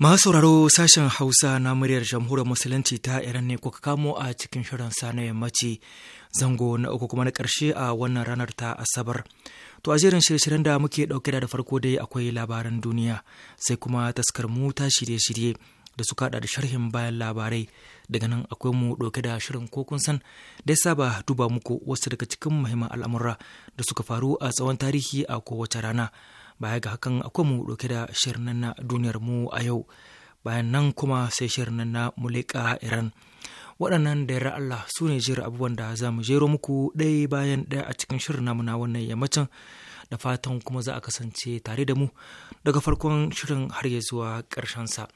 Masu sauraro sashen Hausa na muryar jamhuriyar Musulunci ta Iran ne kuka kamo a cikin shirin sa na yammaci zango na uku kuma na ƙarshe a wannan ranar ta Asabar. To a jerin shirye-shiryen da muke ɗauke da farko dai akwai labaran duniya sai kuma taskar mu ta shirye-shirye da suka da sharhin bayan labarai daga nan akwai mu ɗauke da shirin ko kun san dai saba duba muku wasu daga cikin muhimman al'amura da suka faru a tsawon tarihi a kowace rana. baya ga hakan akwai mu ɗauke da shirin nan na duniyar mu a yau bayan nan kuma sai shirin nan na mulika iran waɗannan da yarda Allah su ne jira abubuwan da za mu jero muku ɗaya bayan ɗaya a cikin shirin namu na wannan yammacin da fatan kuma za a kasance tare da mu daga farkon shirin har ya zuwa sa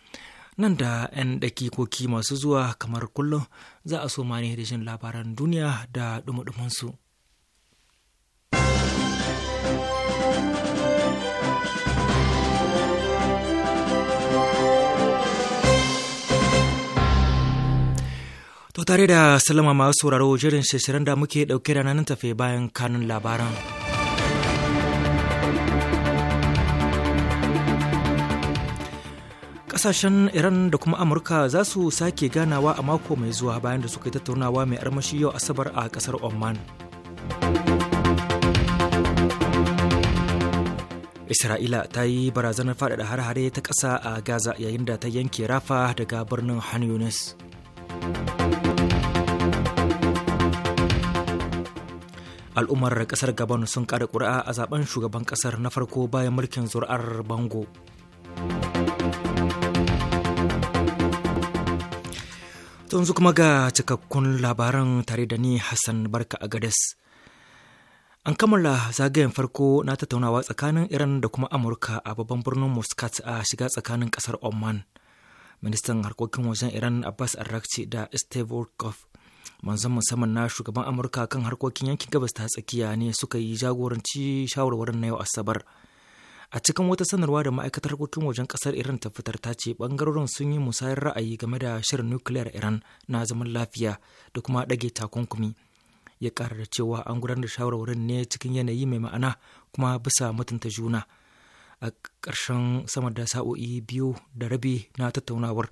nan da 'yan ɗakikoki masu zuwa kamar kullum za a so ma ne da jin labaran duniya da ɗumuɗumansu. su To tare da salama masu sauraro jirin shirin da muke ɗauke da nan tafe bayan kanun labaran. Ƙasashen Iran da kuma Amurka za su sake ganawa a mako mai zuwa bayan da suka yi tattaunawa mai armashi yau Asabar a ƙasar Oman. Isra'ila ta yi barazanar faɗaɗa har-hare ta ƙasa a Gaza yayin da ta yanke rafa daga birnin Han al'ummar kasar gabon sun kada kuri'a a zaben shugaban kasar na farko bayan mulkin zuri'ar bango yanzu kuma ga cikakkun labaran tare da ni hassan barka a gadas an kammala zagayen farko na tattaunawa tsakanin iran da kuma amurka a babban birnin muscat a shiga tsakanin kasar oman ministan harkokin wajen iran abbas arrakci da steve manzon musamman na shugaban amurka kan harkokin yankin gabas ta tsakiya ne suka yi jagoranci shawarwarin na yau asabar a cikin wata sanarwa da ma'aikatar harkokin wajen kasar iran ta fitar ta ce bangarorin sun yi musayar ra'ayi game da shirin nukiliyar iran na zaman lafiya da kuma ɗage takunkumi ya ƙara da cewa an gudanar da shawarwarin ne cikin yanayi mai ma'ana kuma bisa mutunta juna a ƙarshen sama da sa'o'i biyu da rabi na tattaunawar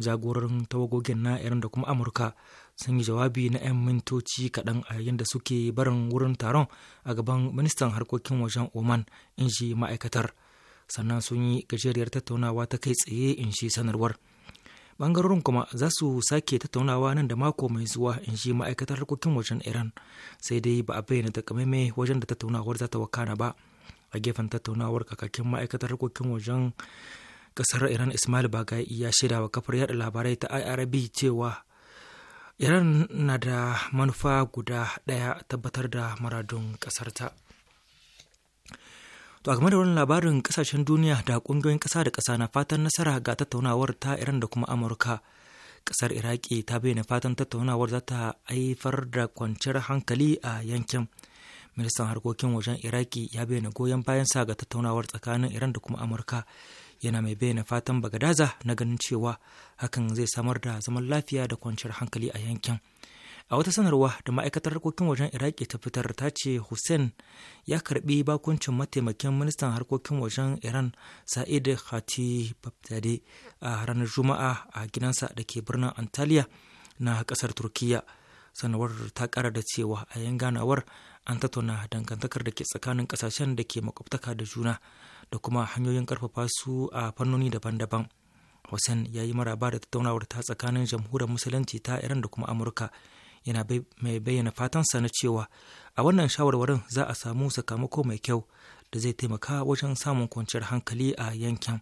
jagororin tawagogin na iran da kuma amurka sun yi jawabi na 'yan mintoci kaɗan a yayin da suke barin wurin taron a gaban ministan harkokin wajen oman in shi ma'aikatar sannan sun yi gajeriyar tattaunawa ta kai tsaye in shi sanarwar bangarorin kuma za su sake tattaunawa nan da mako mai zuwa in shi ma'aikatar harkokin wajen iran sai dai ba a bayyana takamaimai wajen da tattaunawar za ta wakana ba a gefen tattaunawar kakakin ma'aikatar harkokin wajen kasar iran ismail bagai ya shaida wa kafar yada labarai ta irb cewa iran na da manufa guda ɗaya tabbatar da maradun ƙasarta to a game da wani labarin ƙasashen duniya da ƙungiyoyin ƙasa da ƙasa na fatan nasara ga tattaunawar ta iran da kuma amurka ƙasar iraki ta bayyana fatan tattaunawar za ta haifar da kwanciyar hankali a yankin ministan harkokin wajen iraki ya bayyana goyon bayansa ga tattaunawar tsakanin iran da kuma amurka yana mai bayyana fatan bagadaza na ganin cewa hakan zai samar da zaman lafiya da kwanciyar hankali a yankin a wata sanarwa da ma'aikatar harkokin wajen iraki ta fitar ta ce hussein ya karbi bakuncin mataimakin ministan harkokin wajen iran sa'id babdade a ranar juma'a a gidansa da ke birnin antalya na kasar turkiya sanarwar ta kara da cewa a yan ganawar an tattauna dangantakar da ke tsakanin kasashen da ke makwabtaka da juna da kuma hanyoyin karfafa su a fannoni daban-daban hussein ya yi maraba da tattaunawar ta tsakanin jamhuriyar musulunci ta iran da kuma amurka yana mai bayyana fatansa na cewa a wannan shawarwarin za a samu sakamako mai kyau da zai taimaka wajen samun kwanciyar hankali a yankin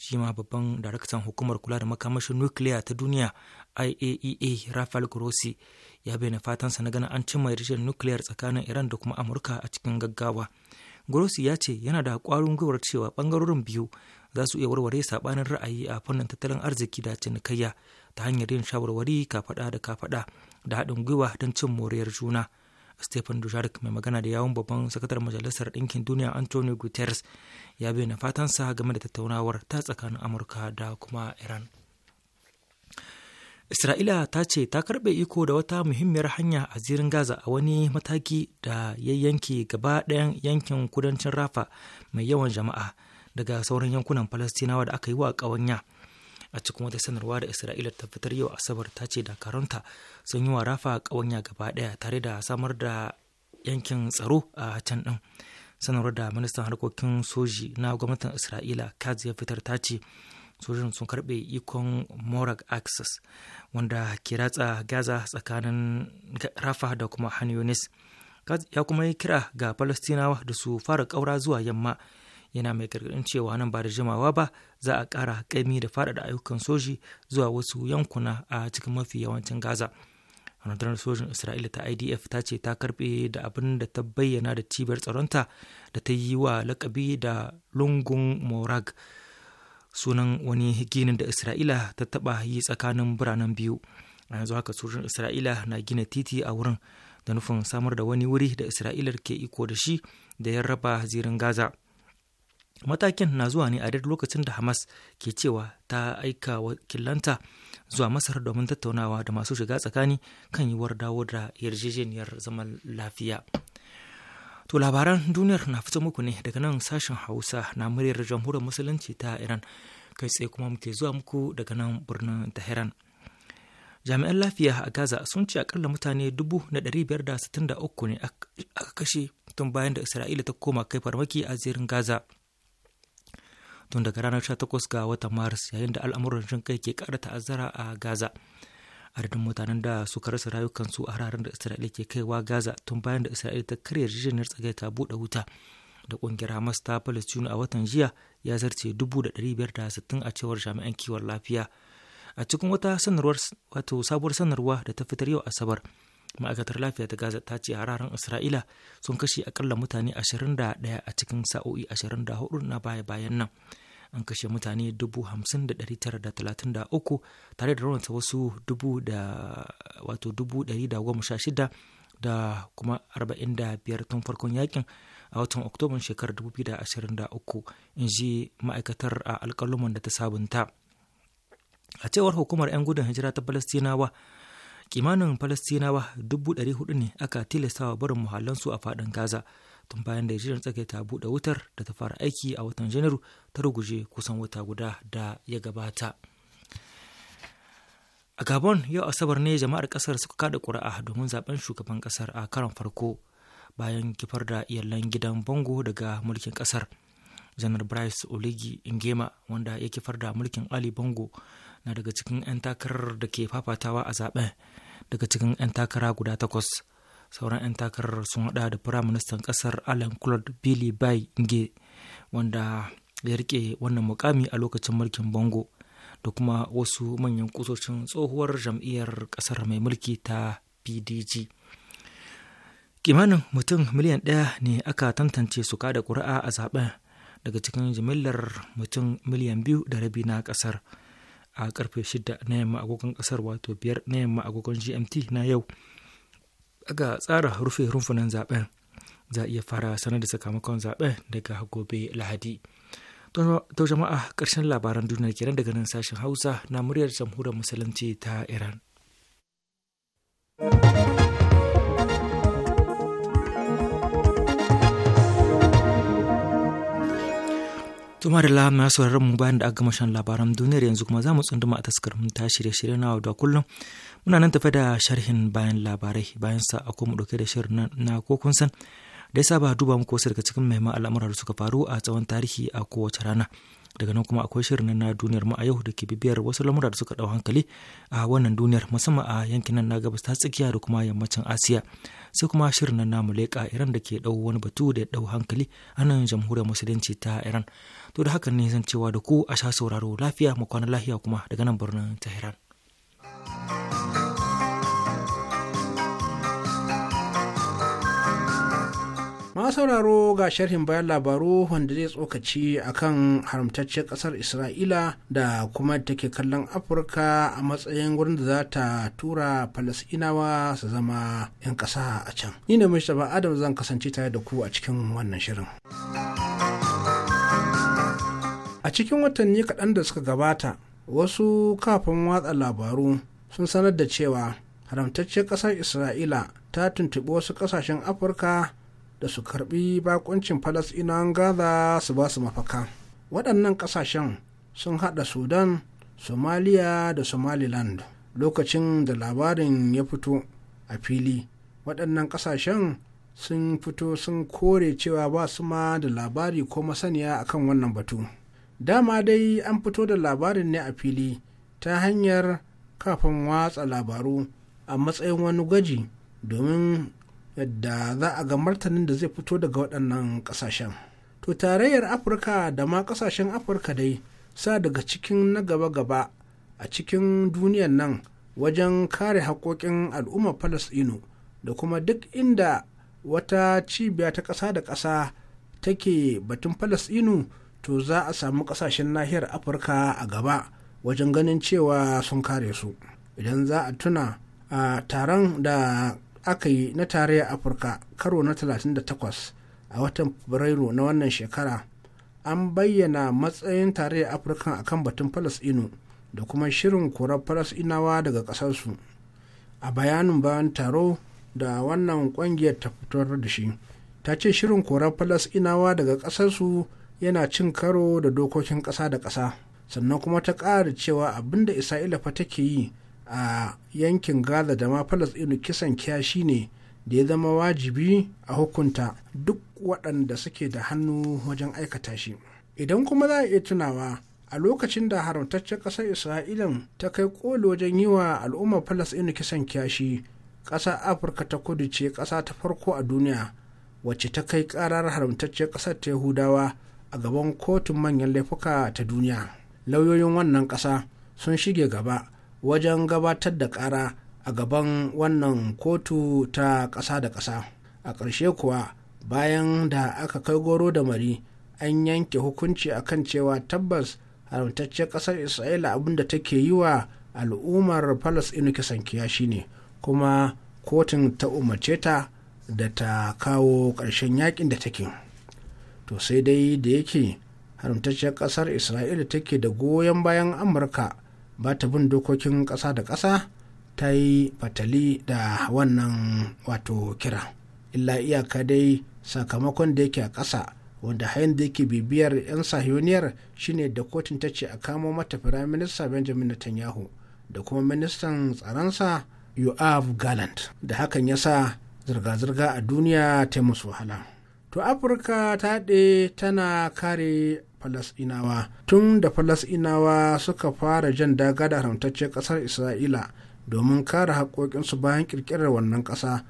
shi ma babban daraktan hukumar kula da makamashin nukiliya ta duniya iaea e rafael grossi ya bayyana fatansa na ganin an cimma yarjejeniyar nukiliyar tsakanin iran da kuma amurka a cikin gaggawa grossi ya ce yana da ƙwarin gwiwar cewa ɓangarorin biyu za su iya warware saɓanin ra'ayi a fannin tattalin arziki da cinikayya ta hanyar yin shawarwari kafaɗa da kafaɗa da haɗin gwiwa don cin moriyar juna stephen dujarric mai magana da yawon babban sakatar majalisar ɗinkin duniya antonio guterres ya bayyana fatansa game da tattaunawar ta tsakanin amurka da kuma iran Isra'ila ta ce ta karɓe iko da wata muhimmiyar hanya a zirin Gaza a wani mataki da ya yanke gaba ɗayan yankin kudancin Rafa mai yawan jama'a daga sauran yankunan Falastinawa da aka yi wa ƙawanya. A cikin wata sanarwa da Isra'ila ta fitar yau Asabar ta ce dakaranta sun yi wa Rafa ƙawanya gaba ɗaya tare da samar da yankin tsaro a can ɗin. Sanarwar da ministan harkokin soji na gwamnatin Isra'ila Katz ya fitar ta ce sojojin sun karbe ikon morag axis wanda ke ratsa gaza tsakanin rafa da kuma hanyonis ya kuma yi kira ga palestinawa da su fara kaura zuwa yamma yana mai gargadin cewa nan ba da jimawa ba za a ƙara kaimi da faɗaɗa ayyukan soji zuwa wasu yankuna a cikin mafi yawancin gaza rundunar sojin isra'ila ta idf ta ce ta karbe da abin da ta bayyana da cibiyar tsaronta da ta yi wa lakabi da lungun morag sunan wani ginin da isra'ila ta taba yi tsakanin biranen biyu a yanzu haka sojin isra'ila na gina titi a wurin da nufin samar da wani wuri da isra'ilar ke iko da shi da ya raba zirin gaza matakin na zuwa ne a duk lokacin da hamas ke cewa ta aika wakilanta zuwa masar domin tattaunawa da masu shiga tsakani kan yiwuwar dawo da yarjejeniyar zaman lafiya To labaran duniyar na fito muku ne daga nan sashen Hausa na muryar jamhuriyar musulunci ta Iran kai tsaye kuma muke zuwa muku daga nan birnin Tehran. Jami'an lafiya a Gaza sun ce akalla mutane dubu na ɗari biyar da sittin da uku ne aka kashe tun bayan da Isra'ila ta koma kai farmaki a zirin Gaza. Tun daga ranar 18 ga watan Maris yayin da al'amuran jin kai ke ƙara ta'azzara a Gaza. adadin mutanen da suka rasa rayukansu a hararen da isra'ila ke kaiwa gaza tun bayan da isra'ila ta karya yarjejeniyar ta buɗe wuta da ƙungiyar hamas ta palestine a watan jiya ya zarce dubu da da biyar 560 a cewar jami'an kiwon lafiya a cikin wata sanarwar wato sabuwar sanarwa da ta fitar yau asabar ma'aikatar lafiya ta gaza ta ce hararen isra'ila sun kashe akalla mutane ashirin da ɗaya a cikin sa'o'i ashirin da hudu na baya-bayan nan an kashe mutane 50,933 tare da raunata wasu 116 da kuma 45 tun farkon yakin a watan oktoban shekarar 2023 in ji ma'aikatar a alkaluman da ta sabunta a cewar hukumar 'yan gudun hijira ta palestinawa kimanin palestinawa 400 ne aka tilastawa barin muhallansu a faɗin gaza tun bayan da yarjejeniyar tsakai ta buɗe wutar da ta fara aiki a watan janairu ta ruguje kusan wata guda da ya gabata a gabon yau asabar ne jama'ar kasar suka kada ƙuri'a domin zaben shugaban kasar a karon farko bayan kifar da iyalan gidan bango daga mulkin kasar janar bryce oligi ingema wanda ya kifar da mulkin ali bango na daga cikin 'yan takarar da ke fafatawa a zaben daga cikin 'yan takara guda takwas sauran 'yan takarar sun hada da firaministan kasar alan claude billy bai nge wanda ya rike wannan mukami a lokacin mulkin bongo da kuma wasu manyan kusoshin tsohuwar jam'iyyar kasar mai mulki ta pdg kimanin mutum miliyan ɗaya ne aka tantance su kada ƙuri'a a zaben daga cikin jimillar mutum miliyan biyu da rabi na ƙasar a karfe shida na yamma agogon ƙasar wato biyar na yamma agogon gmt na yau ga tsara rufe rumfunan zaben za a iya fara sanar da sakamakon zaben daga gobe lahadi ta jama'a karshen labaran duniya kenan daga nan sashen hausa na muryar jamhuriyar musulunci ta iran Tuma da lahama ya sauraron mu bayan da aka gama shan labaran duniyar yanzu kuma za mu tsunduma a taskar mu ta shirye-shirye na da kullum. Muna nan tafe da sharhin bayan labarai bayan sa akwai mu dauke da shirin na ko kun san da ya saba duba muku wasu daga cikin mahimman al'amuran da suka faru a tsawon tarihi a kowace rana. daga nan kuma akwai shirin na duniyar mu a yau da ke bibiyar wasu lamura da suka dau hankali a wannan duniyar musamman a yankin nan na gabas ta tsakiya da kuma yammacin asiya sai kuma shirin na namu leƙa iran da ke dau wani batu da ya dau hankali a nan jamhuriyar musulunci ta iran to da hakan ne zan cewa da ku a sha sauraro lafiya mu kwana lafiya kuma daga nan birnin tehran masu sauraro ga sharhin bayan labaru wanda zai tsokaci a kan haramtacciyar kasar isra'ila da kuma take kallon afirka a matsayin wurin da za ta tura falasinawa su zama 'yan kasa a can ni ne shaba adam zan kasance tare da ku a cikin wannan shirin a cikin watanni kaɗan da suka gabata wasu kafin watsa labaru sun sanar da cewa haramtacciyar ƙasar isra'ila ta tuntuɓi wasu ƙasashen afirka da su karbi bakuncin falasɗinan gaza su ba su mafaka waɗannan ƙasashen sun haɗa sudan Somalia, da somaliland lokacin da labarin ya fito a fili waɗannan ƙasashen sun fito sun kore cewa ba su ma da labari ko masaniya a kan wannan batu dama dai an fito da labarin ne a fili ta hanyar kafin watsa labaru a matsayin wani gwaji domin yadda za a ga martanin da zai fito daga waɗannan ƙasashen to tarayyar afirka da ma ƙasashen afirka dai sa daga cikin na gaba-gaba a cikin duniyar nan wajen kare haƙoƙin al'ummar falasɗinu da kuma duk inda wata cibiya ta ƙasa da ƙasa take batun falasɗinu to za a samu ƙasashen nahiyar afirka a gaba wajen ganin cewa sun kare su idan za a tuna a taron da aka yi na tarayyar afirka karo na 38 a watan fabrairu na wannan shekara an bayyana matsayin tarayyar afirka kan batun falasɗinu da kuma shirin korar falasinawa daga ƙasarsu a bayanin bayan taro da wannan ƙungiyar ta fitar da shi ta ce shirin korar falasɗinawa daga ƙasarsu yana cin karo da dokokin ƙasa da ƙasa sannan kuma ta ƙara cewa abinda da isra'ila fa take yi a yankin gaza da ma Falas inu kisan kiyashi ne da ya zama wajibi a hukunta duk waɗanda suke da hannu wajen aikata shi idan kuma za a iya tunawa a lokacin da haramtaccen ƙasar isra'ila ta kai ƙoli wajen yi wa al'ummar inu kisan kiyashi ƙasa afirka ta kudu ce ƙasa ta farko a duniya wacce ta kai ƙarar haramtaccen ƙasar ta yahudawa a gaban kotun manyan laifuka ta duniya lauyoyin wannan ƙasa sun shige gaba wajen gabatar da ƙara a gaban wannan kotu ta ƙasa da ƙasa a ƙarshe kuwa bayan da aka kai goro da mari an yanke hukunci a kan cewa tabbas haramtaccen ƙasar isra'ila abinda take yi wa al'ummar inu kisan shi ne kuma kotun ta umarce ta da ta kawo ƙarshen yakin da take to sai dai da yake haramtacce ƙasar isra'ila take da goyon bayan amurka ba ta bin dokokin ƙasa da ƙasa ta yi fatali da wannan wato kira illa iyaka dai sakamakon da yake a ƙasa wanda hayan da yake bibiyar 'yan sahiyoniyar shine da kotun ta ce a kamo mata firaminista benjamin netanyahu da kuma ministan tsaronsa yoav gallant da hakan ya sa zirga-zirga a duniya ta musu wahala to afirka ta haɗe tana kare falasɗinawa tun da falasɗinawa suka fara jan daga da haramtacciyar ƙasar isra'ila domin kare haƙoƙinsu bayan ƙirƙirar wannan ƙasa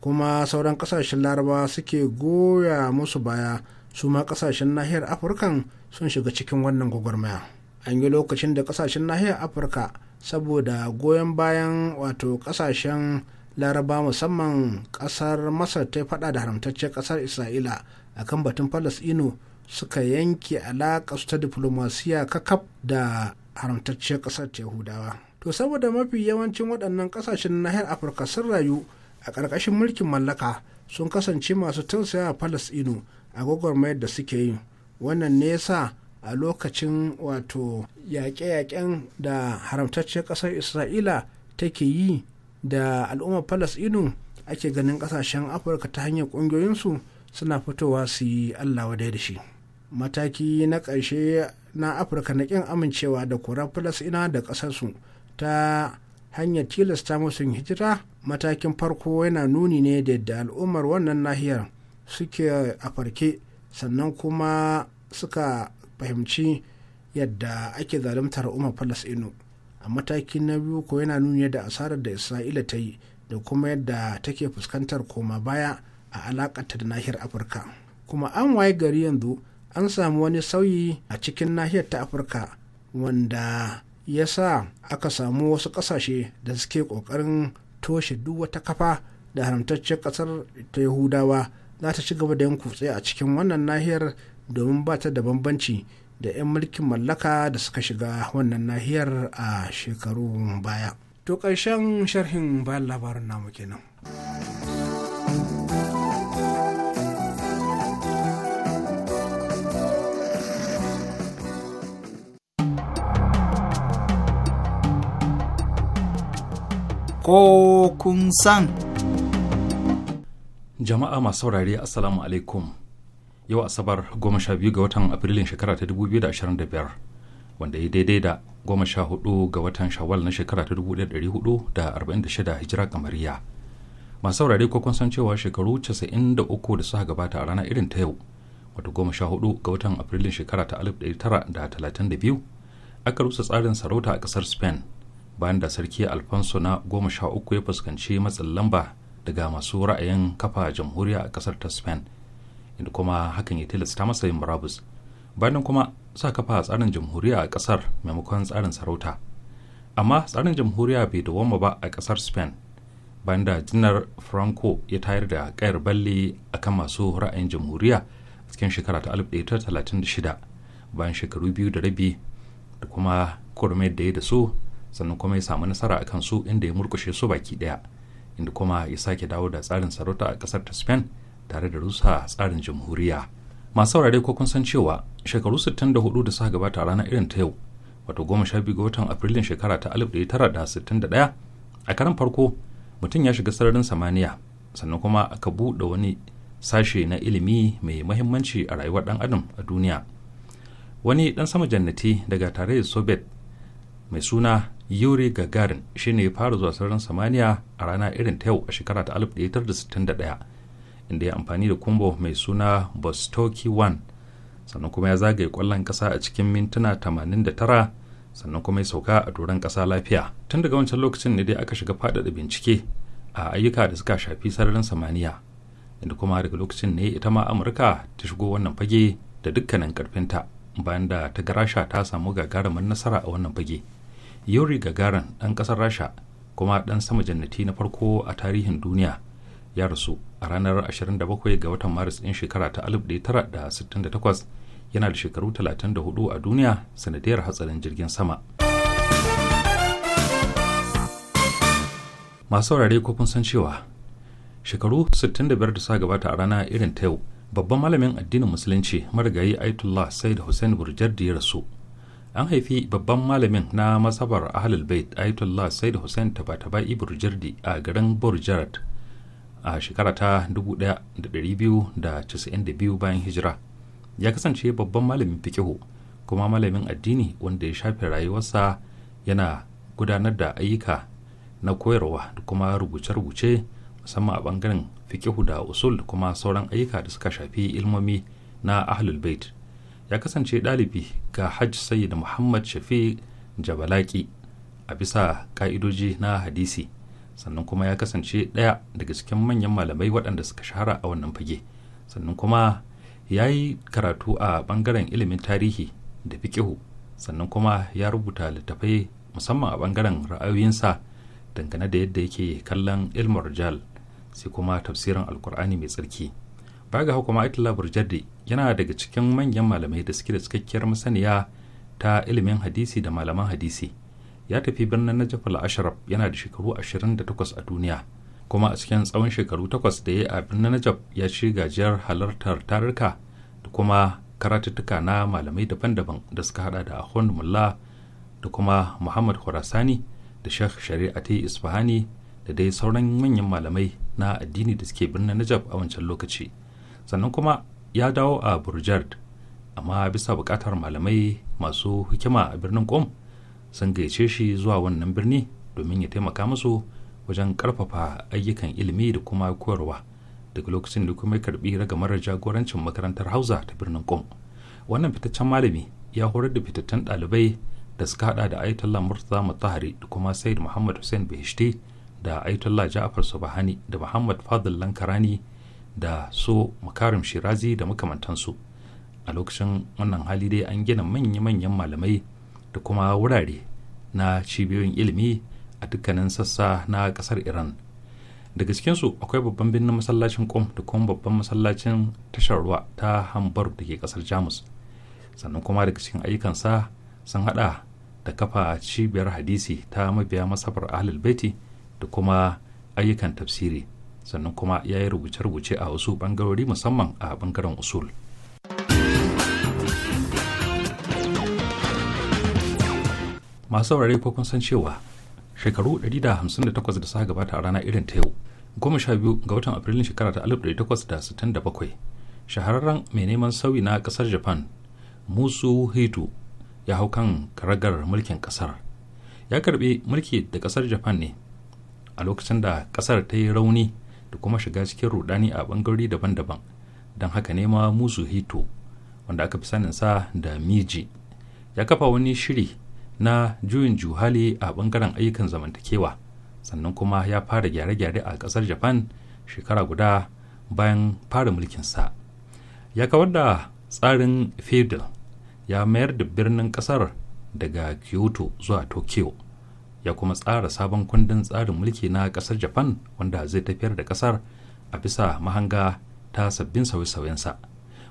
kuma sauran ƙasashen larabawa suke goya musu baya su ma ƙasashen nahiyar afirkan sun shiga cikin wannan gwagwarmaya an yi lokacin da ƙasashen nahiyar afirka saboda goyon bayan wato ƙasashen laraba musamman ƙasar masar ta faɗa da haramtacciyar ƙasar isra'ila akan batun falasino suka yanke alaƙa ta diflomasiya kakaf da haramtacciyar ƙasar yahudawa to saboda mafi yawancin waɗannan ƙasashen nahiyar afirka sun rayu a ƙarƙashin mulkin mallaka sun kasance masu tausaya falasɗinu a gwagwarmayar da suke yi wannan ne yasa a lokacin wato yaƙe-yaƙen da haramtacciyar ƙasar isra'ila take yi da al'ummar palestino ake ganin ƙasashen afirka ta hanyar ƙungiyoyinsu suna fitowa su yi allah wadai da shi mataki na ƙarshe na afirka na ƙin amincewa da plus ina da ƙasarsu ta hanyar tilasta musu hijira matakin farko yana nuni ne da yadda al'ummar wannan nahiyar suke a farke sannan kuma suka fahimci yadda ake zaluntar umar falasɗinu a mataki na biyu ko yana nuni da asarar da isra'ila ta yi da kuma yadda take fuskantar koma baya a alakata da nahiyar afirka kuma an waye gari yanzu an samu wani sauyi a cikin nahiyar ta afirka wanda ya sa aka samu wasu kasashe da suke kokarin toshe duk wata kafa da haramtaccen kasar ta yahudawa za ta ci gaba da yin kutse a cikin wannan nahiyar domin ba ta da bambanci da 'yan mulkin mallaka da suka shiga wannan nahiyar a shekaru baya to ƙarshen sharhin bayan labarin namu kenan. ko kun san. Jama'a masu saurari Assalamu alaikum. Yau Asabar goma sha biyu ga watan Afrilun shekara ta dubu biyu da ashirin da biyar wanda ya daidai da goma sha hudu ga watan Shawwal na shekara ta dubu ɗari da hudu da arba'in da shida hijira kamariya. Masu saurari ko kun san cewa shekaru casa'in da uku da suka gabata a rana irin ta yau wato goma sha hudu ga watan Afrilun shekara ta alif ɗari tara da talatin da biyu aka rusa tsarin sarauta a ƙasar Spain bayan da sarki alfonso na goma sha uku ya fuskanci matsin lamba daga masu ra'ayin kafa jamhuriya a kasar ta spain inda kuma hakan ya tilasta masa yin murabus bayan kuma sa kafa tsarin jamhuriya a kasar maimakon tsarin sarauta amma tsarin jamhuriya bai dawoma ba a kasar spain bayan da jinar franco ya tayar da kayar balle akan masu ra'ayin jamhuriya a cikin shekara ta 1936 bayan shekaru biyu da rabi da kuma kurmai da ya da su sannan kuma ya samu nasara a kansu inda ya murkushe su baki daya inda kuma ya sake dawo da tsarin sarauta a kasar ta spain tare da rusa tsarin jamhuriya masu saurare ko kun san cewa shekaru 64 da suka gabata a ranar irin ta yau wato goma sha biyu ga watan afrilun shekara ta 1961 a karan farko mutum ya shiga sararin samaniya sannan kuma aka buɗe wani sashe na ilimi mai mahimmanci a rayuwar ɗan adam a duniya wani ɗan sama jannati daga tarayyar soviet mai suna yuri gagarin shine ya fara zuwa sararin samaniya a rana irin ta yau a shekara ta 1961 inda ya amfani da kumbo mai suna bostoki 1 sannan kuma ya zagaye kwallon kasa a cikin mintuna 89 sannan kuma ya sauka a doron kasa lafiya tun daga wancan lokacin ne dai aka shiga faɗaɗa bincike a ayyuka da suka shafi sararin samaniya inda kuma daga lokacin ne ita ma amurka ta shigo wannan fage da dukkanin karfinta bayan da ta garasha ta samu gagarumin nasara a wannan fage yuri gagarin ɗan ƙasar rasha kuma ɗan sama jannati na farko a tarihin duniya ya rasu a ranar 27 ga watan maris ɗin shekara ta 1968 yana da shekaru 34 a duniya sanadiyar hatsarin jirgin sama masu saurare kofin san cewa shekaru 65 da sa gabata a rana irin ta yau babban malamin addinin musulunci marigayi aitullah said hussein burjar ya rasu an haifi babban malamin na masabar ahlul bait ayatollah said hussein tabatabai burjardi a garin burjard a shekara ta 1292 bayan hijira ya kasance babban malamin fikihu kuma malamin addini wanda ya shafe rayuwarsa yana gudanar da ayyuka na koyarwa da kuma rubuce-rubuce musamman a bangaren fikihu da usul kuma sauran ayyuka da suka shafi ilmomi na ahlul bait ya kasance ɗalibi ga hajj sai da muhammad shafi jabalaki a bisa ka'idoji na hadisi sannan kuma ya kasance ɗaya daga cikin manyan malamai waɗanda suka shahara a wannan fage sannan kuma ya yi karatu a ɓangaren ilimin tarihi da fikihu sannan kuma ya rubuta littattafai musamman a ɓangaren ra'ayoyinsa dangane da yadda yake kallon ilmar jal sai kuma tafsirin alkur'ani mai tsarki Baga ga hukuma Aitullah yana daga cikin manyan malamai da suke da cikakkiyar masaniya ta ilimin hadisi da malaman hadisi ya tafi birnin Najaf al-Ashraf yana da shekaru ashirin da 28 a duniya kuma a cikin tsawon shekaru takwas da ya a birnin Najaf ya ci gajiyar halartar tarurka da kuma karatuttuka na malamai daban-daban da suka haɗa da Ahmad Mullah da kuma Muhammad Khurasani da Sheikh Shari'ati Isfahani da dai sauran manyan malamai na addini da suke birnin Najaf a wancan lokaci. sannan kuma ya dawo a burjard amma bisa bukatar malamai masu hikima a birnin kom sun gayyace shi zuwa wannan birni domin ya taimaka musu wajen karfafa ayyukan ilimi da kuma koyarwa daga lokacin da kuma ya karbi ragamar jagorancin makarantar hausa ta birnin kom wannan fitaccen malami ya horar da fitattun ɗalibai da suka hada da ayatollah murtaza mutahari da kuma said muhammad hussein bahishti da ayatollah ja'far subhani da muhammad fadl lankarani da su makarim shirazi da makamantansu a lokacin wannan hali dai an gina manya-manyan malamai da kuma wurare na cibiyoyin ilimi a dukkanin sassa na kasar iran daga cikinsu akwai babban birnin masallacin kom da kuma babban masallacin tashar ruwa ta hambar da ke kasar jamus sannan kuma daga cikin ayyukansa sun hada da kafa cibiyar hadisi ta mabiya masabar ahlul baiti da kuma ayyukan tafsiri sannan kuma ya yi rubuce-rubuce a wasu bangarori musamman a bangaren usul masu saurare ko kun san cewa shekaru 158 da suka gabata a rana irin ta yau goma sha biyu ga watan afrilun shekara ta 1867 shahararren mai neman sauyi na kasar japan musu hito ya hau kan karagar mulkin kasar ya karbi mulki da kasar japan ne a lokacin da kasar ta yi rauni da kuma shiga cikin rudani a bangarori daban-daban don haka ne ma hito wanda aka fi sanin sa da miji ya kafa wani shiri na juyin juhali a bangaren ayyukan zamantakewa sannan kuma ya fara gyare-gyare a kasar japan shekara guda bayan fara mulkin sa ya kawar da tsarin feudal ya mayar da birnin kasar daga kyoto zuwa tokyo ya kuma tsara sabon kundin tsarin mulki na kasar japan wanda zai tafiyar da kasar a bisa mahanga ta sabbin sauye-sauyensa sa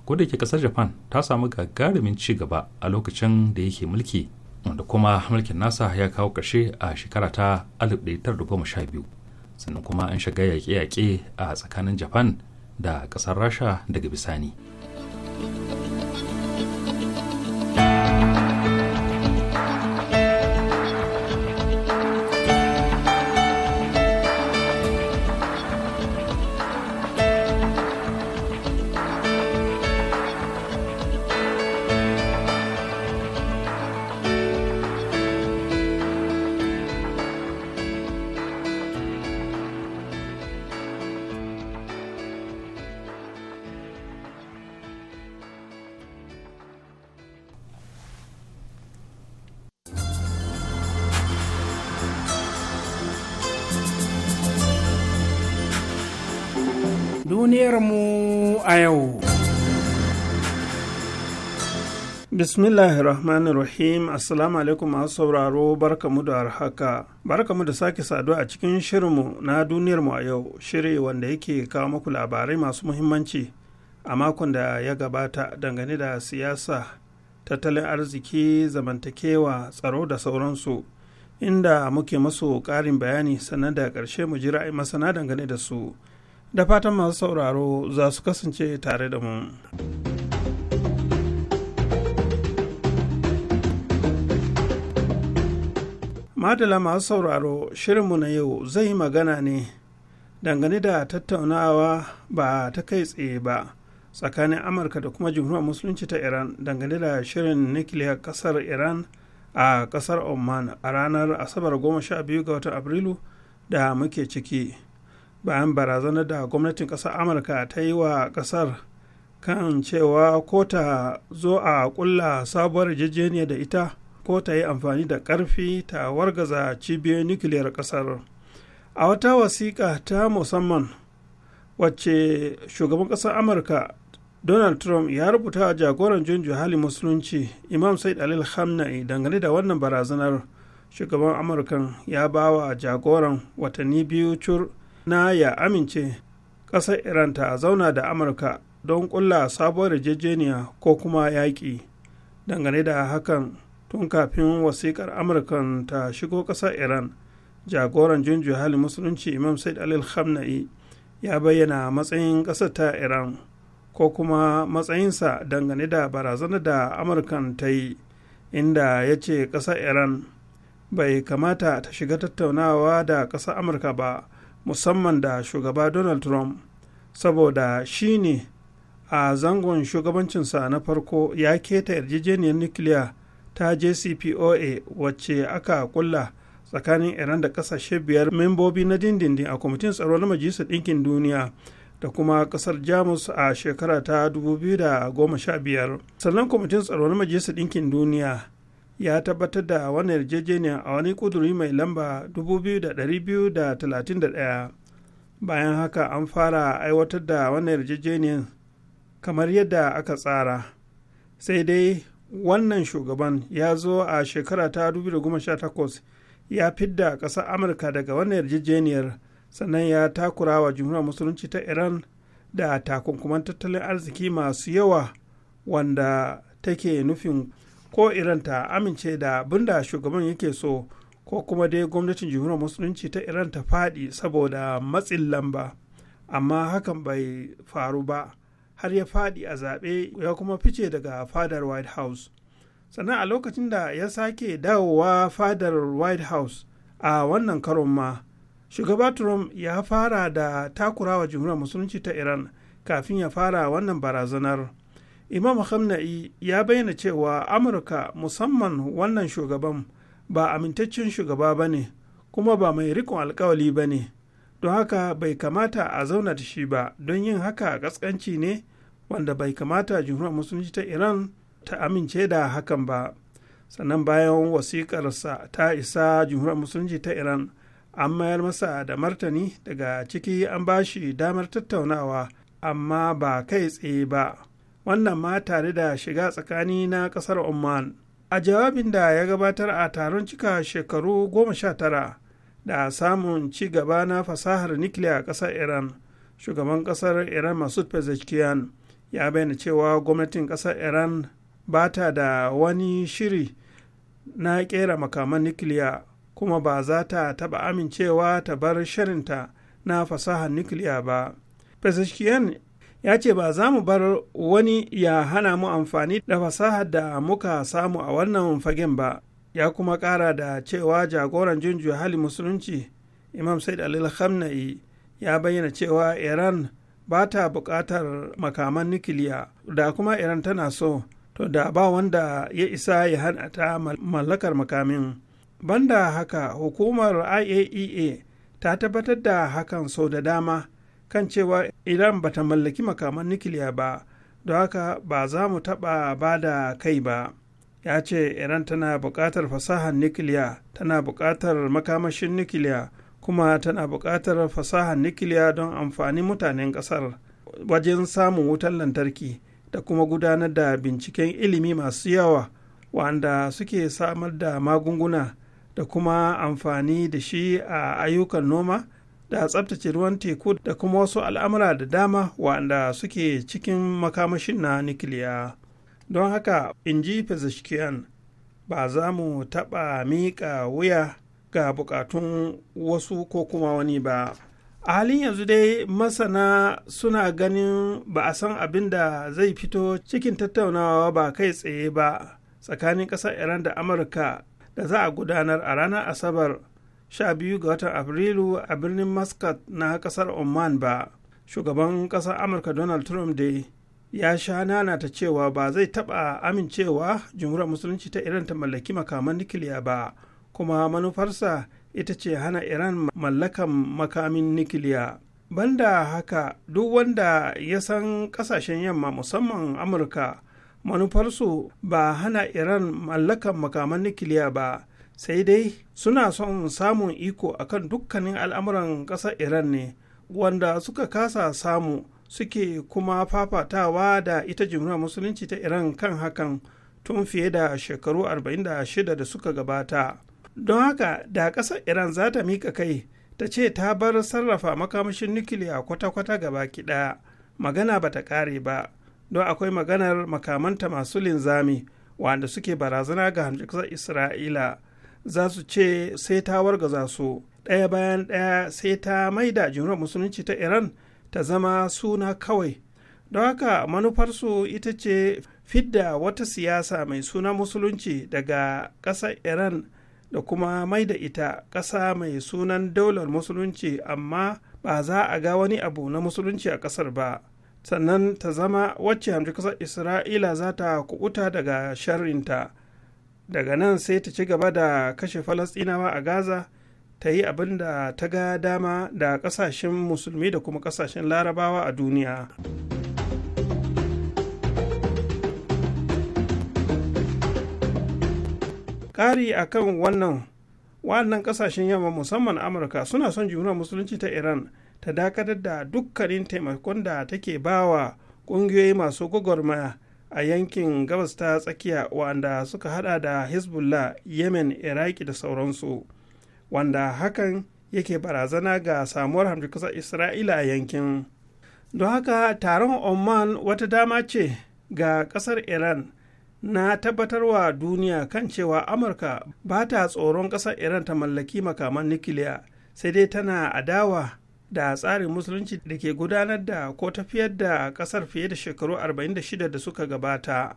kodayake ke kasar japan ta samu gagarumin ci gaba a lokacin da yake mulki wanda kuma mulkin nasa ya kawo ƙarshe a shekara ta 1912 sannan kuma an shiga yaƙe-yaƙe a tsakanin japan da ƙasar rasha daga bisani. bismillahir rahmanir rahim assalamu alaikum masu sauraro barkamu da haka barkamu da sake saduwa a cikin shirinmu na duniyarmu a yau shiri wanda yake kawo muku labarai masu muhimmanci a makon da ya gabata dangane da siyasa tattalin arziki zamantakewa tsaro da sauransu inda muke masu ƙarin bayani sannan da ƙarshe mu ji ra'ayi masana dangane da su da fatan masu sauraro za su kasance tare da mu. madala masu sauraro shirinmu na yau zai yi magana ne dangane da tattaunawa ba ta kai tsaye ba tsakanin amurka da kuma jumhuriyar musulunci ta iran dangane da shirin nukiliyar kasar iran a kasar oman a ranar asabar goma sha biyu ga watan afrilu da muke ciki bayan barazanar da gwamnatin kasar amurka ta yi wa kasar kan cewa ko ta zo a kulla sabuwar yarjejeniya da ita ko ta yi amfani da ƙarfi ta wargaza cibiyoyin nukiliyar ƙasar a wata wasiƙa ta musamman wacce shugaban ƙasar amurka donald trump ya rubuta a jagoran junju hali musulunci imam said alil hamna'i dangane da wannan barazanar shugaban amurka ya bawa wa jagoran watanni biyu cur na ya amince ƙasar iran ta zauna da amurka don ƙulla sabuwar yarjejeniya ko kuma yaƙi dangane da hakan tun kafin wasiƙar amurkan ta shigo ƙasar iran jagoran junju hali musulunci imam said alil khamna'i ya bayyana matsayin ƙasar ta iran ko kuma matsayinsa dangane da barazana da amurkan ta yi inda ya ce ƙasar iran bai kamata ta shiga tattaunawa da ƙasar amurka ba musamman da shugaba donald trump saboda shi ne a zangon shugabancinsa na farko ya keta yarjejeniyar nukiliya ta jcpoa wacce aka kulla tsakanin iran da kasashe biyar membobi na dindindin a kwamitin tsaro na majalisar ɗinkin duniya da kuma kasar jamus a shekara ta 2015 sannan kwamitin tsaro na majalisar ɗinkin duniya ya tabbatar da wannan yarjejeniya a wani kuduri mai lamba 2231 bayan haka an fara aiwatar da wannan yarjejeniyar kamar yadda aka tsara sai dai wannan shugaban ya zo a shekara ta 2018 ya fidda ƙasar amurka daga wannan yarjejeniyar sannan ya takura wa jumhuriyar musulunci ta iran da takunkuman tattalin arziki masu yawa wanda take nufin ko iran ta amince da abin shugaban yake so ko kuma dai gwamnatin jumhuriyar musulunci ta iran ta faɗi saboda matsin lamba amma hakan bai faru ba har ya faɗi a zaɓe ya kuma fice daga fadar white house sannan a lokacin da ya sake dawowa fadar white house a wannan karon ma shugaba trump ya fara da takurawa jumhuriyar musulunci ta iran kafin ya fara wannan barazanar imam hamnai ya bayyana cewa amurka musamman wannan shugaban ba amintaccen shugaba ba ne kuma ba mai rikon alkawali ba ne don haka bai kamata a zauna da shi ba don yin haka gaskanci ne wanda bai kamata jumhuriyar musulunci ta iran ta amince da hakan ba sannan bayan wasiƙarsa ta isa jumhuriyar musulunci ta iran an mayar masa da martani daga ciki an ba shi damar tattaunawa amma ba kai tsaye ba wannan ma tare da shiga tsakani na ƙasar oman a jawabin da ya gabatar a taron cika shekaru goma sha tara da samun ci gaba na fasahar nikiliya a ƙasar iran shugaban ƙasar iran masud pezeshkian ya bayyana cewa gwamnatin ƙasar iran ba ta da wani shiri na kera makaman nukiliya kuma ba za ta taba amincewa ta bar shirinta na fasahar nukiliya ba pezeshkian ya ce ba za mu bar wani ya hana mu amfani da fasahar da muka samu a wannan fagen ba ya kuma kara da cewa jagoran junju hali musulunci imam said alil khamnai ya bayyana cewa iran ba ta buƙatar makaman nukiliya da kuma iran tana so to da ba wanda ya isa ya hana ta mallakar makamin banda haka hukumar iaea e ta tabbatar da hakan sau da dama kan cewa iran ba ta mallaki makaman nukiliya ba don haka ba za mu taɓa ba da kai ba ya ce iran tana bukatar fasahar nukiliya tana bukatar makamashin nukiliya kuma tana buƙatar fasahar nukiliya don amfanin mutanen ƙasar wajen samun wutar lantarki da kuma gudanar da binciken ilimi masu yawa wanda suke samar da magunguna da kuma amfani da shi a ayyukan noma da tsabtace ruwan teku da kuma wasu al'amura da dama wanda suke cikin makamashin na nukiliya, don haka in ji ba za mu taɓa miƙa wuya ga bukatun wasu ko kuma wani ba a halin yanzu dai masana suna ganin ba a san abin da zai fito cikin tattaunawa ba kai tsaye ba tsakanin ƙasar iran da amurka da za a gudanar a ranar asabar 12 ga watan afrilu a birnin muscat na ƙasar oman ba shugaban ƙasar amurka donald trump dai ya sha nana ta cewa ba zai taɓa amincewa jumhuriyar musulunci ta iran ta mallaki makaman nukiliya ba kuma manufarsa ita ce hana iran mallakan makamin nikiliya banda haka duk wanda ya san kasashen yamma musamman amurka manufarsu ba hana iran mallakan makaman nikiliya ba sai dai suna son samun iko akan dukkanin al'amuran ƙasar iran ne wanda suka kasa samu suke kuma fafatawa da ita jimura musulunci ta iran kan hakan tun fiye da shekaru 46 da suka gabata don haka da ƙasar iran za ta mika kai ta ce ta bar sarrafa makamashin nukiliya kwata-kwata gaba ɗaya magana ba ta ƙare ba don akwai maganar makamanta masu linzami wanda suke barazana ga hamsar isra'ila za su ce sai ta wargaza su ɗaya bayan ɗaya sai ta maida jumhuriyar musulunci ta iran ta zama suna kawai don haka manufarsu ita ce fidda wata siyasa mai suna musulunci daga ƙasar iran da kuma mai da ita ƙasa mai sunan daular musulunci amma ba za a ga wani abu na musulunci a ƙasar ba sannan ta zama wacce hamji ƙasar isra'ila za ta kubuta daga sharrinta daga nan sai ta ci gaba da kashe falasɗinawa a gaza ta yi abin da ta ga dama da ƙasashen musulmi da kuma ƙasashen larabawa a duniya. ƙari a kan wannan wannan ƙasashen yamma musamman amurka suna son juna musulunci ta iran ta dakatar da dukkanin taimakon da take bawa ƙungiyoyi masu gwagwarmaya a yankin gabas ta tsakiya wanda suka hada da hezbollah yemen iraki da sauransu wanda hakan yake barazana ga samuwar hamdukasar isra'ila a yankin don haka taron oman wata dama ce ga kasar iran na tabbatar wa duniya kan cewa amurka ba ta tsoron ƙasar iran ta mallaki makaman nukiliya sai dai tana adawa da tsarin musulunci da ke gudanar da ko tafiyar da ƙasar fiye da shekaru 46 da suka gabata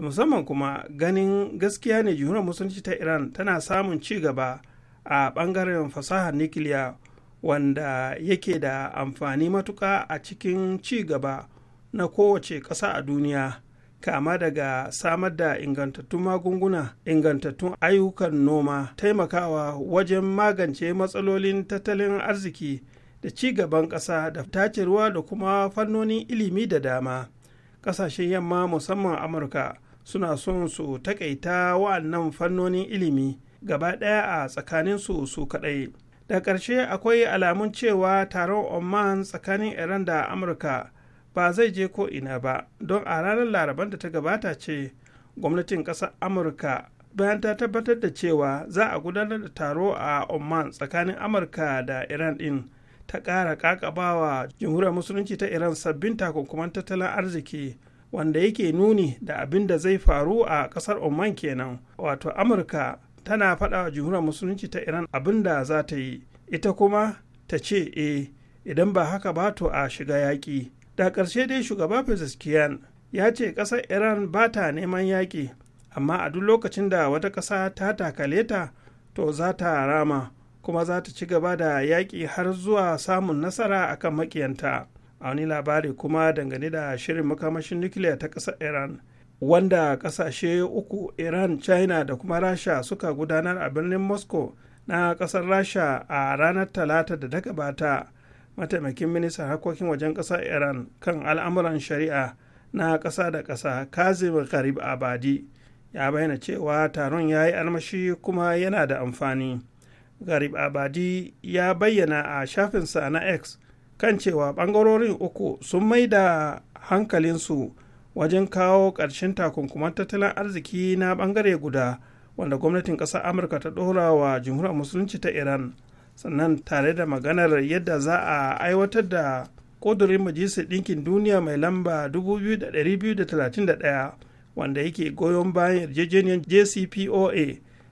musamman kuma ganin gaskiya ne jihunar musulunci ta iran tana samun ci gaba a ɓangaren fasahar nukiliya wanda yake da amfani matuƙa a cikin ci gaba na kowace ƙasa a duniya. kama daga samar da ingantattun magunguna ingantattun ayyukan noma taimakawa wajen magance matsalolin tattalin arziki da ci gaban ƙasa da ruwa da kuma fannonin ilimi da dama ƙasashen yamma musamman amurka suna son su takaita wa'annan fannonin ilimi gaba ɗaya a tsakaninsu su kaɗai da ƙarshe akwai alamun cewa taron oman tsakanin iran da amurka ba zai je ko ina ba don a ranar laraban da ta gabata ce gwamnatin ƙasar amurka bayan ta tabbatar da cewa za a gudanar da taro a oman tsakanin amurka da iran din ta ƙara ƙaƙabawa jamhuriyar musulunci ta iran sabbin takunkuman tattalin arziki wanda yake nuni da abin da zai faru a ƙasar oman kenan wato amurka tana faɗa wa jamhuriyar musulunci ta iran abin da za ta yi ita kuma ta ce e idan ba haka ba to a shiga yaƙi da ƙarshe dai shugaba Pezeshkian ya ce ƙasar Iran ba ta neman yaƙi amma a duk lokacin da wata ƙasa ta takale ta to za ta rama kuma za ta ci gaba da yaƙi har zuwa samun nasara akan makiyanta. a wani labari kuma dangane da shirin makamashin nukiliya ta ƙasar iran wanda ƙasashe uku iran china da kuma rasha suka gudanar a birnin moscow na ƙasar rasha a ranar talata da ta gabata mataimakin ministan harkokin wajen ƙasa iran kan al'amuran shari'a na ƙasa da ƙasa kazim garib abadi ya bayyana cewa taron ya yi armashi kuma yana da amfani garib abadi ya bayyana a shafinsa na x kan cewa ɓangarorin uku sun mai da hankalinsu wajen kawo ƙarshen takunkuman tattalin arziki na ɓangare guda wanda gwamnatin ƙasar amurka ta ɗora wa jamhuriyar musulunci ta iran sannan tare da maganar yadda za a aiwatar da ƙudurin majalisar ɗinkin duniya mai lamba 2231 wanda yake goyon bayan yarjejeniyar jcpoa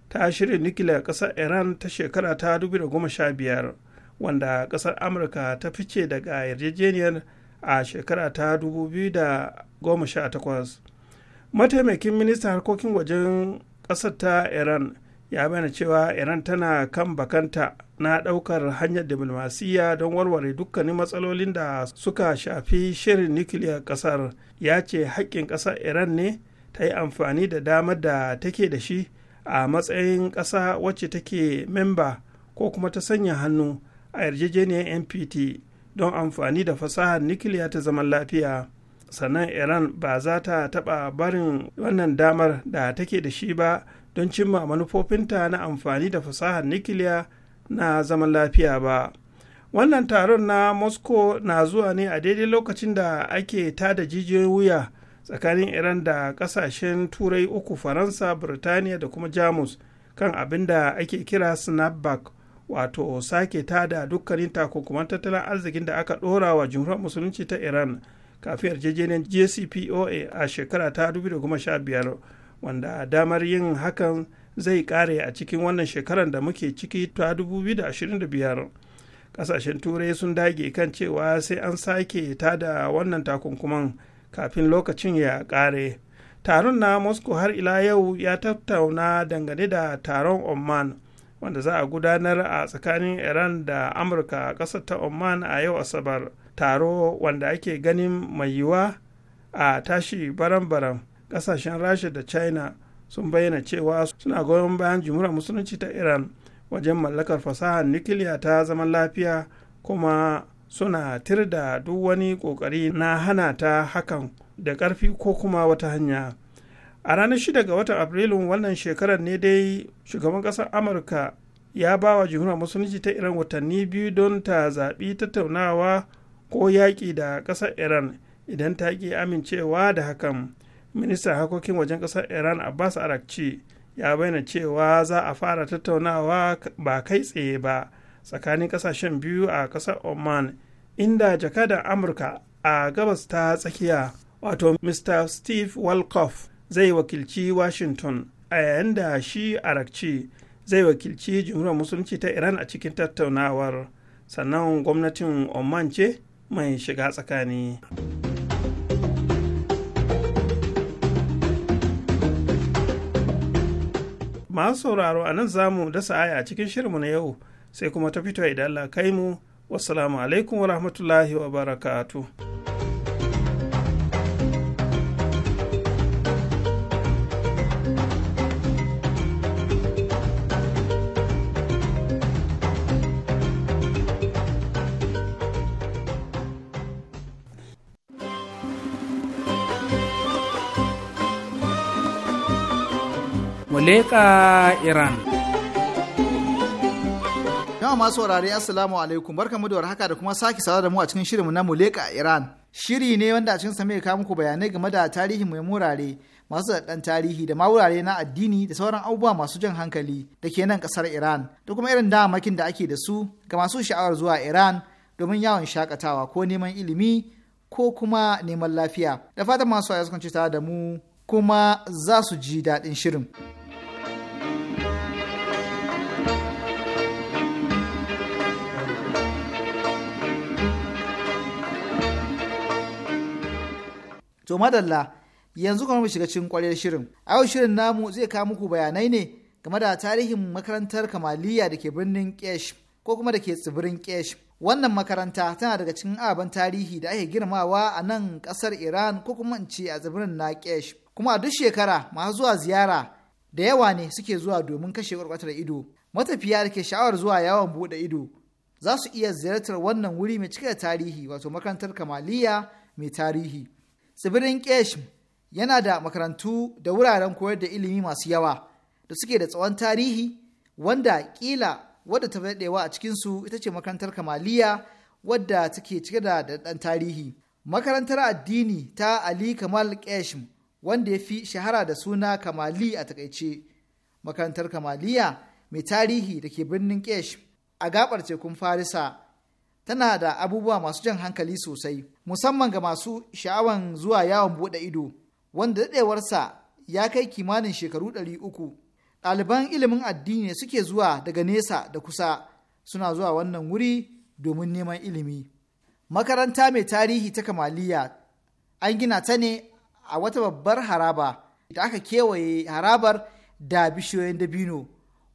ta shirin nikila ƙasar iran ta shekara ta 2015 wanda ƙasar amurka ta fice daga yarjejeniyar a shekara ta 2018 mataimakin ministan harkokin wajen ƙasar ta iran ya bayyana cewa iran tana kan bakanta na ɗaukar hanyar diplomasiyya don warware dukkanin matsalolin da suka shafi shirin nukiliyar ƙasar ya ce haƙƙin ƙasar iran ne ta yi amfani da damar da take da shi a matsayin ƙasa wacce take memba ko kuma ta sanya hannu a yarjejeniyar npt don amfani da fasahar nukiliya ta zaman lafiya sannan iran ba za ta taɓa barin wannan damar da take da shi ba don cimma manufofinta na amfani da fasahar nukiliya na zaman lafiya ba wannan taron na moscow na zuwa ne a daidai lokacin da ake tada jijiyoyin wuya tsakanin iran da kasashen turai uku faransa birtaniya da kuma jamus kan abin da ake kira snapback wato sake tada dukkanin takunkuman tattalin arzikin da aka ɗora wa jumhuriyar musulunci ta iran kafin yarjejeniyar jcpoa a shekara ta 2015 wanda damar yin hakan zai kare a cikin wannan shekarar da muke ciki ta 2025 kasashen turai sun dage kan cewa sai an sake tada wannan takunkuman kafin lokacin ya kare taron na moscow har ila yau ya tattauna dangane da taron oman wanda za a gudanar a tsakanin iran da amurka a ƙasar ta oman a yau asabar taro wanda ake ganin mai yiwa a tashi baram baran ƙasashen rasha da china sun bayyana cewa suna goyon bayan jumhuriyar musulunci ta iran wajen mallakar fasahar nukiliya ta zaman lafiya kuma suna tir da duk wani kokari na hana ta hakan da ƙarfi ko kuma wata hanya a ranar shida ga watan afrilun wannan shekarar ne dai shugaban kasar amurka ya ba wa jihunar musulunci ta iran watanni biyu don ta zaɓi tattaunawa ko yaƙi da ƙasar iran idan ta ƙi amincewa da hakan ministan harkokin wajen ƙasar iran abbas arakci ya bayyana cewa za a fara tattaunawa ba kai tsaye ba tsakanin ƙasashen biyu a ƙasar oman inda jakadan amurka a gabas ta tsakiya wato mr steve walcoff zai wakilci washington a yayin da shi arakci zai wakilci jumhuriyar musulunci ta iran a cikin tattaunawar sannan gwamnatin oman ce mai shiga tsakani. masu sauraro a nan za mu dasa aya a cikin shirinmu na yau sai kuma ta fito idan Allah kai mu wasu alaikum wa rahmatullahi wa barakatuh muleka iran yawan masu wurare, assalamu alaikum barkamu da haka da kuma sake sawa da mu a cikin shirinmu na muleka iran shiri ne wanda a cikin sa mai muku bayanai game da tarihi mai murare masu daɗan tarihi da ma wurare na addini da sauran abubuwa masu jan hankali da ke nan ƙasar iran da kuma irin damakin da ake da su ga masu sha'awar zuwa iran domin yawon shakatawa ko neman ilimi ko kuma neman lafiya da fatan masu ya kwanci tare da mu kuma za su ji daɗin shirin. to madalla yanzu kuma mu shiga cikin kwarar shirin a yau shirin namu zai kawo muku bayanai ne game da tarihin makarantar kamaliya da ke birnin kesh ko kuma da ke tsibirin kesh wannan makaranta tana daga cikin abin tarihi da ake girmawa a nan kasar iran ko kuma in ce a tsibirin na kesh kuma a duk shekara masu zuwa ziyara da yawa ne suke zuwa domin kashe kwarkwatar ido matafiya da ke sha'awar zuwa yawon bude ido za su iya ziyartar wannan wuri mai cike da tarihi wato makarantar kamaliya mai tarihi tsibirin kesh yana da makarantu da wuraren koyar da ilimi masu yawa da suke da tsawon tarihi wanda kila wadda ta daɗewa a cikinsu ita ce makarantar kamaliya wadda take cike da daɗan tarihi makarantar addini ta ali kamal kesh wanda ya fi shahara da suna kamali a takaice makarantar kamaliya mai tarihi da ke birnin kesh a gabar tekun farisa tana da abubuwa masu jan hankali sosai musamman ga masu sha'awan zuwa yawon buɗe ido wanda daɗewarsa ya kai kimanin shekaru ɗari uku ɗaliban ilimin addini suke zuwa daga nesa da kusa suna zuwa wannan wuri domin neman ilimi makaranta mai tarihi ta kamaliya an gina ta ne a wata babbar haraba da aka kewaye harabar da bishiyoyin dabino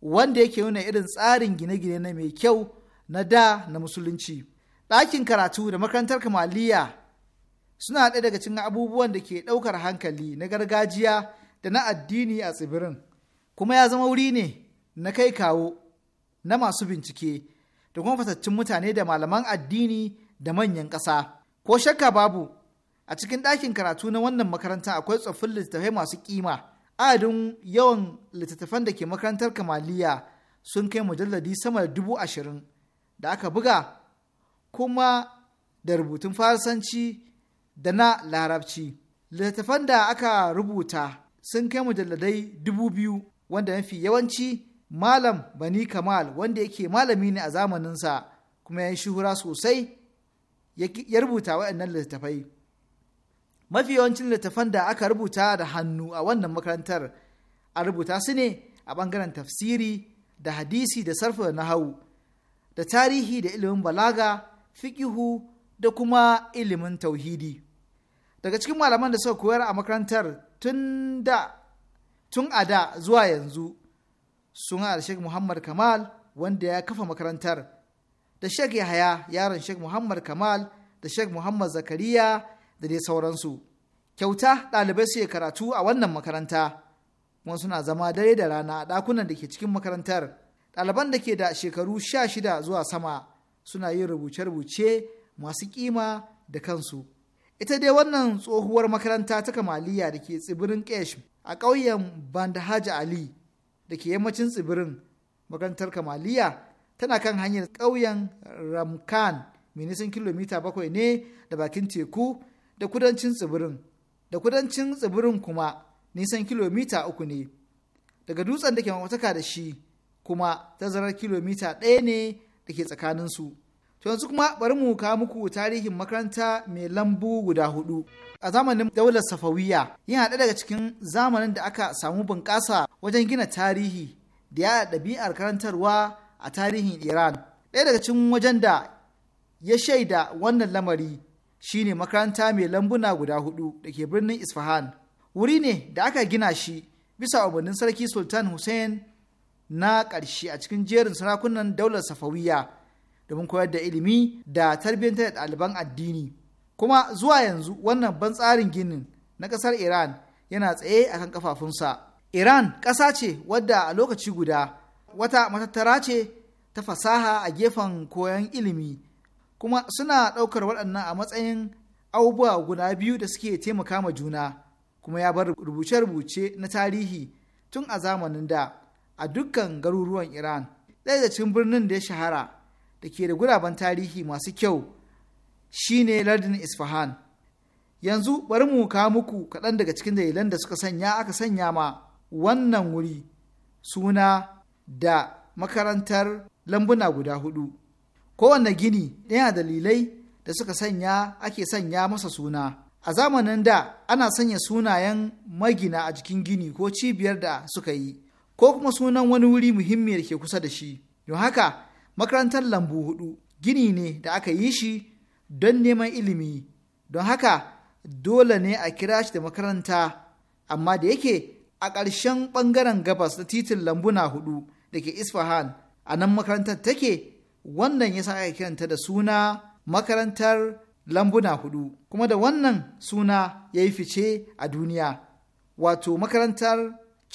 wanda yake nuna irin tsarin gine-gine na mai kyau na da na musulunci. ɗakin karatu da makarantar kamaliyya suna ɗaya daga cikin abubuwan da ke ɗaukar hankali na gargajiya da na addini a tsibirin kuma ya zama wuri ne na kai kawo na masu bincike da kuma fatattun mutane da malaman addini da manyan ƙasa ko shakka babu a cikin ɗakin karatu na wannan makaranta akwai tsoffin littattafai masu kima adadin yawan littattafan da ke makarantar kamaliya sun kai mujalladi sama da dubu ashirin da aka buga kuma da rubutun Farsanci da na Larabci. Littattafan da aka rubuta sun kai mujalladai dubu biyu wanda mafi yawanci Malam Bani Kamal wanda yake malami ne a zamaninsa kuma ya yi shuhura sosai ya rubuta waɗannan littattafai. Mafi yawancin littattafan da aka rubuta da hannu a wannan makarantar a rubuta su ne a ɓangaren tafsiri da hadisi da sarfa na hawu, da tarihi da ilimin balaga fikihu da kuma ilimin tauhidi daga cikin malaman da suka koyar a makarantar tun da tun a da zuwa yanzu sun haɗa Sheikh Muhammad Kamal wanda ya kafa makarantar da Sheikh Yahaya yaron Sheikh Muhammad Kamal da Sheikh Muhammad Zakariya da dai sauransu kyauta ɗalibai su karatu a wannan makaranta kuma suna zama dare da rana a ɗakunan da ke cikin makarantar ɗaliban da ke da shekaru sha shida zuwa sama suna yin rubuce-rubuce masu kima da kansu ita dai wannan tsohuwar makaranta ta kamaliya da ke tsibirin kesh a ƙauyen bandhaji ali da ke yammacin tsibirin makarantar kamaliya tana kan hanyar ƙauyen ramkan mai nisan kilomita bakwai ne da bakin teku da kudancin tsibirin da kudancin tsibirin kuma nisan kilomita uku ne daga dutsen da ke da shi kuma tazarar kilomita ɗaya ne da ke tsakaninsu. To yanzu kuma bari mu kawo muku tarihin makaranta mai lambu guda hudu. A zamanin daular safawiya Yin haɗe daga cikin zamanin da aka samu bunƙasa wajen gina tarihi da ya ɗabi'ar karantarwa a tarihin Iran. Ɗaya daga cikin wajen da ya shaida wannan lamari shine makaranta mai lambuna guda hudu da ke birnin Isfahan. Wuri ne da aka gina shi bisa umarnin sarki Sultan Hussein na ƙarshe a cikin jerin sarakunan daular safawiya domin koyar da ilimi da tarbiyyantar da ɗaliban addini kuma zuwa yanzu wannan ban tsarin ginin na ƙasar iran yana tsaye a kan ƙafafunsa. iran ƙasa ce wadda a lokaci guda wata matattara ce ta fasaha a gefen koyon ilimi kuma suna ɗaukar waɗannan a matsayin abubuwa guda biyu da suke taimaka ma juna kuma ya bar rubuce-rubuce na tarihi tun a zamanin da a dukkan garuruwan iran ɗaya da cikin birnin da ya shahara da ke da guraben tarihi masu kyau shine lardin isfahan yanzu bari mu kawo muku kaɗan daga cikin dalilan da suka sanya aka sanya ma wannan wuri suna da makarantar lambuna guda hudu kowane gini ɗaya dalilai da suka sanya ake sanya masa suna a zamanin da ana sanya sunayen magina a jikin gini ko cibiyar da suka yi ko kuma sunan wani wuri muhimmi da ke kusa da shi don haka makarantar lambu hudu gini ne da aka yi shi don neman ilimi don haka dole ne a kira shi da makaranta amma da yake a ƙarshen ɓangaren gabas na titin lambuna hudu da ke isfahan a nan makarantar take wannan ya sa aka kiranta da suna makarantar lambuna hudu kuma da wannan suna ya yi fice a duniya wato makarantar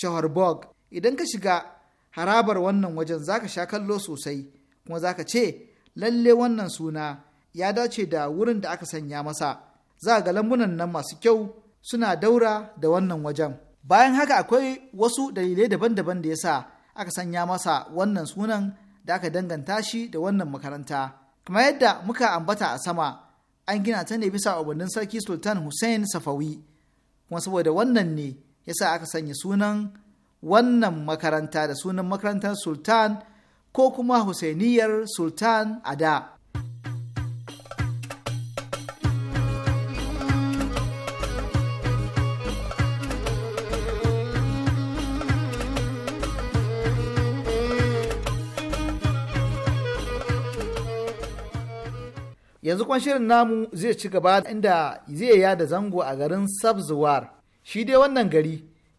Choharborg idan ka shiga harabar wannan wajen zaka sha kallo sosai kuma zaka ce lalle wannan suna ya dace da wurin da aka sanya masa za ga lambunan nan masu kyau suna daura da wannan wajen bayan haka akwai wasu dalilai daban-daban da yasa aka sanya masa wannan sunan da aka danganta shi da wannan makaranta kamar yadda muka ambata a sama an gina ta ne bisa umarnin sarki sultan hussein safawi kuma saboda wannan ne yasa aka sanya sunan wannan makaranta da sunan makarantar sultan ko kuma husainiyar sultan a da yanzu kwan shirin namu zai ci gaba inda zai yada zango a garin sabzuwar shi dai wannan gari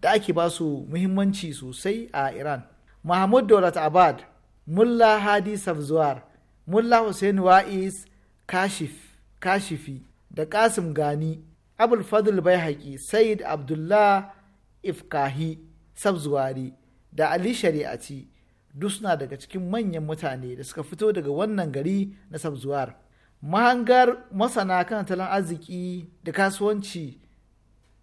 da ake ba su muhimmanci sosai a iran mahmud dorat abad mulla hadi safzuwar mulla hussein wa'is kashif kashifi da kasim gani abul bai bai sayid abdullah ifkahi safzuwari da ali shari'ati duk suna daga cikin manyan mutane da suka fito daga wannan gari na sabzuwar. mahangar masana kan tattalin arziki da kasuwanci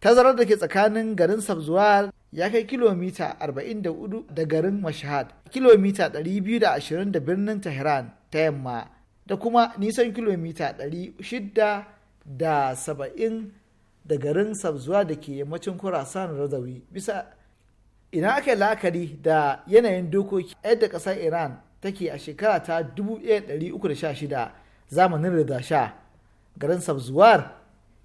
tazarar da ke tsakanin garin sabzuwar ya kai kilomita 44 da garin mashahad kilomita 220 da birnin tehran ta yamma da kuma nisan kilomita 670 da garin sabzuwa da ke yammacin kurasan razawi bisa ina aka la'akari da yanayin dokoki yadda ƙasar iran take a shekara ta 1316 zamanin rida sha garin sabzuwar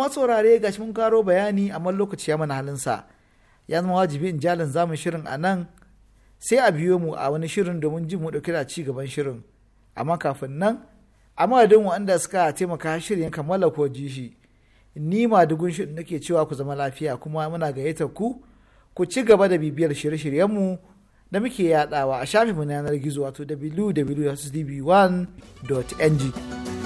masu saurare shi mun karo bayani amma lokaci ya mana halinsa ya zama wajibi in jalin zamun shirin a nan sai a biyo mu a wani shirin domin jin mu dauki da ci gaban shirin amma kafin nan a dun wanda suka taimaka shirin kammala ko jishi ni ma dugun shirin nake cewa ku zama lafiya kuma muna gayyatar ku ku ci gaba da bibiyar shirye shiryen mu da muke yadawa a shafinmu na yanar gizo wato dot 1ng